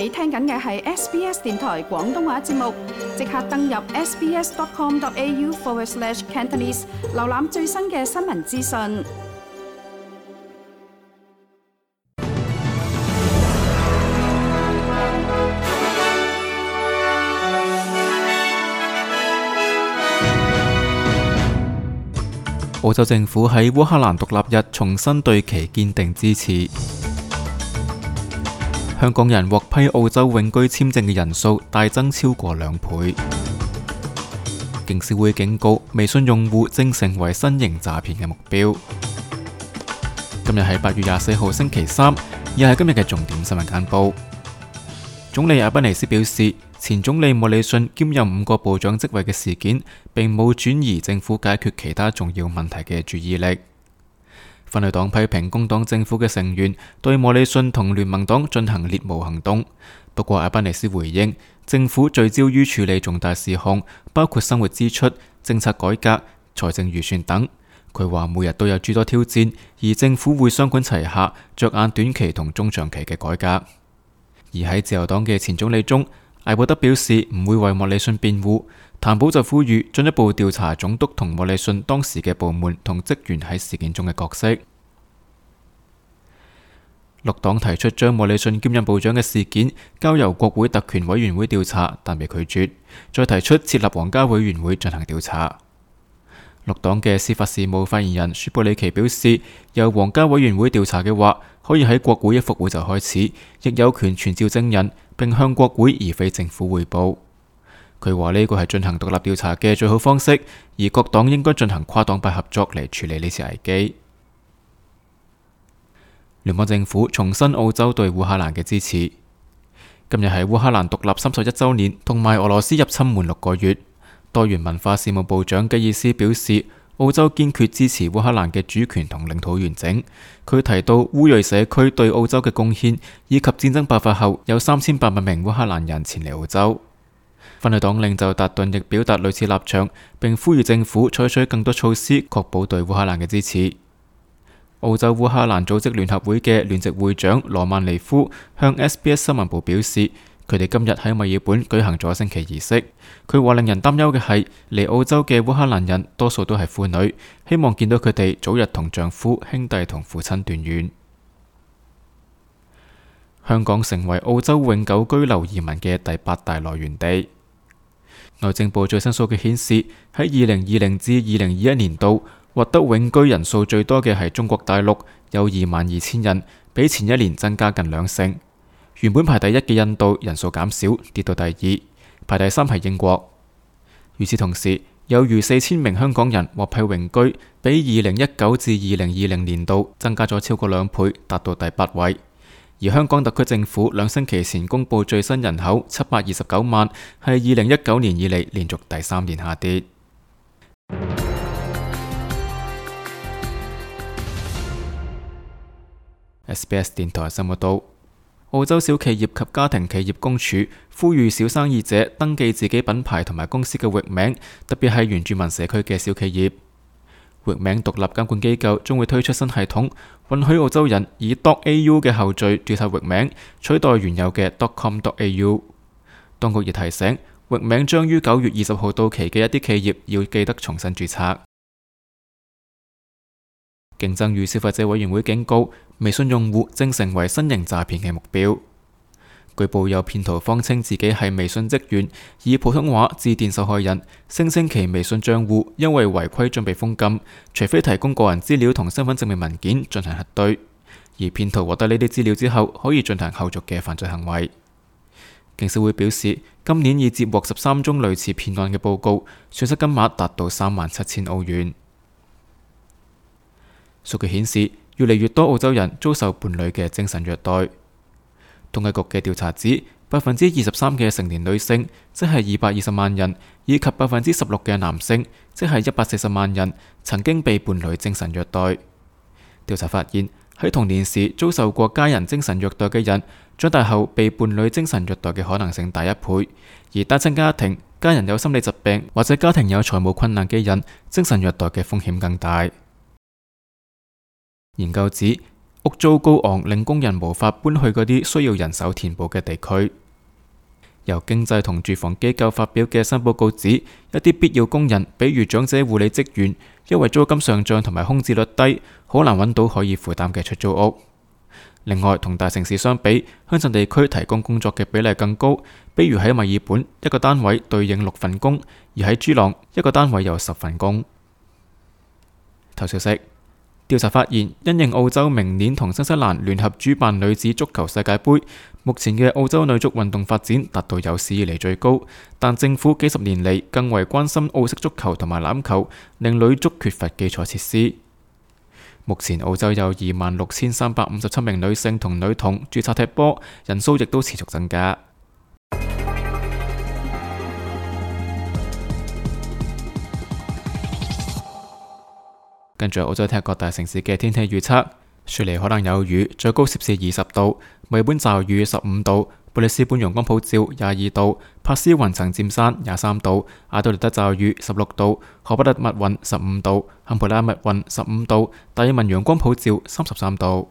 你聽緊嘅係 SBS 電台廣東話節目，即刻登入 sbs.com.au/cantonese 瀏覽最新嘅新聞資訊。澳洲政府喺烏克蘭獨立日重新對其堅定支持。香港人獲批澳洲永居簽證嘅人數大增，超過兩倍。警視會警告，微信用戶正成為新型詐騙嘅目標。今日係八月廿四號星期三，又係今日嘅重點新聞簡報。總理阿賓尼斯表示，前總理莫里遜兼任五個部長職位嘅事件，並冇轉移政府解決其他重要問題嘅注意力。反對黨批評工黨政府嘅成員對莫里遜同聯盟黨進行獵巫行動。不過阿巴尼斯回應，政府聚焦於處理重大事項，包括生活支出、政策改革、財政預算等。佢話每日都有諸多挑戰，而政府會雙管齊下，着眼短期同中長期嘅改革。而喺自由黨嘅前總理中，艾博德表示唔會為莫里遜辯護。譚保就呼籲進一步調查總督同莫里遜當時嘅部門同職員喺事件中嘅角色。綠黨提出將莫里遜兼任部長嘅事件交由國會特權委員會調查，但被拒絕。再提出設立皇家委員會進行調查。綠黨嘅司法事務發言人舒布里奇表示，由皇家委員會調查嘅話，可以喺國會一復會就開始，亦有權傳召證人，並向國會而非政府匯報。佢話：呢個係進行獨立調查嘅最好方式，而各黨應該進行跨黨派合作嚟處理呢次危機。聯邦政府重申澳洲對烏克蘭嘅支持。今日係烏克蘭獨立三十一週年，同埋俄羅斯入侵滿六個月。多元文化事務部長基爾斯表示，澳洲堅決支持烏克蘭嘅主權同領土完整。佢提到烏裔社區對澳洲嘅貢獻，以及戰爭爆發後有三千八百名烏克蘭人前嚟澳洲。反對黨領袖達頓亦表達類似立場，並呼籲政府採取更多措施，確保對烏克蘭嘅支持。澳洲烏克蘭組織聯合會嘅聯席會長羅曼尼夫向 SBS 新聞部表示，佢哋今日喺墨爾本舉行咗升旗儀式。佢話令人擔憂嘅係嚟澳洲嘅烏克蘭人多數都係婦女，希望見到佢哋早日同丈夫、兄弟同父親斷遠。香港成為澳洲永久居留移民嘅第八大來源地。內政部最新數據顯示，喺二零二零至二零二一年度獲得永居人數最多嘅係中國大陸，有二萬二千人，比前一年增加近兩成。原本排第一嘅印度人數減少，跌到第二，排第三係英國。與此同時，有逾四千名香港人獲批永居，比二零一九至二零二零年度增加咗超過兩倍，達到第八位。而香港特區政府兩星期前公布最新人口七百二十九萬，係二零一九年以嚟連續第三年下跌。SBS 電台生活都澳洲小企業及家庭企業公署呼籲小生意者登記自己品牌同埋公司嘅域名，特別係原住民社區嘅小企業。域名獨立監管機構將會推出新系統，允許澳洲人以 .au 嘅後綴註冊域名，取代原有嘅 .com.au。當局亦提醒，域名將於九月二十號到期嘅一啲企業要記得重新註冊。競爭與消費者委員會警告，微信用戶正成為新型詐騙嘅目標。據報有騙徒謊稱自己係微信職員，以普通話致電受害人，聲稱其微信賬戶因為違規準備封禁，除非提供個人資料同身份證明文件進行核對。而騙徒獲得呢啲資料之後，可以進行後續嘅犯罪行為。警視會表示，今年已接獲十三宗類似騙案嘅報告，損失金額達到三萬七千歐元。數據顯示，越嚟越多澳洲人遭受伴侶嘅精神虐待。統計局嘅調查指，百分之二十三嘅成年女性，即係二百二十萬人，以及百分之十六嘅男性，即係一百四十萬人，曾經被伴侶精神虐待。調查發現，喺童年時遭受過家人精神虐待嘅人，長大後被伴侶精神虐待嘅可能性大一倍。而單親家庭、家人有心理疾病或者家庭有財務困難嘅人，精神虐待嘅風險更大。研究指。屋租高昂令工人無法搬去嗰啲需要人手填補嘅地區。由經濟同住房機構發表嘅新報告指，一啲必要工人，比如長者護理職員，因為租金上漲同埋空置率低，好難揾到可以負擔嘅出租屋。另外，同大城市相比，鄉鎮地區提供工作嘅比例更高。比如喺墨爾本，一個單位對應六份工，而喺豬朗，一個單位有十份工。頭消息。調查發現，因應澳洲明年同新西蘭聯合主辦女子足球世界杯，目前嘅澳洲女足運動發展達到有史以嚟最高。但政府幾十年嚟更為關心澳式足球同埋欖球，令女足缺乏基礎設施。目前澳洲有二萬六千三百五十七名女性同女童註冊踢波，人數亦都持續增加。跟住澳洲聽各大城市嘅天氣預測，雪梨可能有雨，最高攝氏二十度；墨爾本驟雨十五度；布里斯本陽光普照廿二度；帕斯雲層漸散廿三度；阿都利德驟雨十六度；荷伯特密雲十五度；坎培拉密雲十五度；達爾文陽光普照三十三度。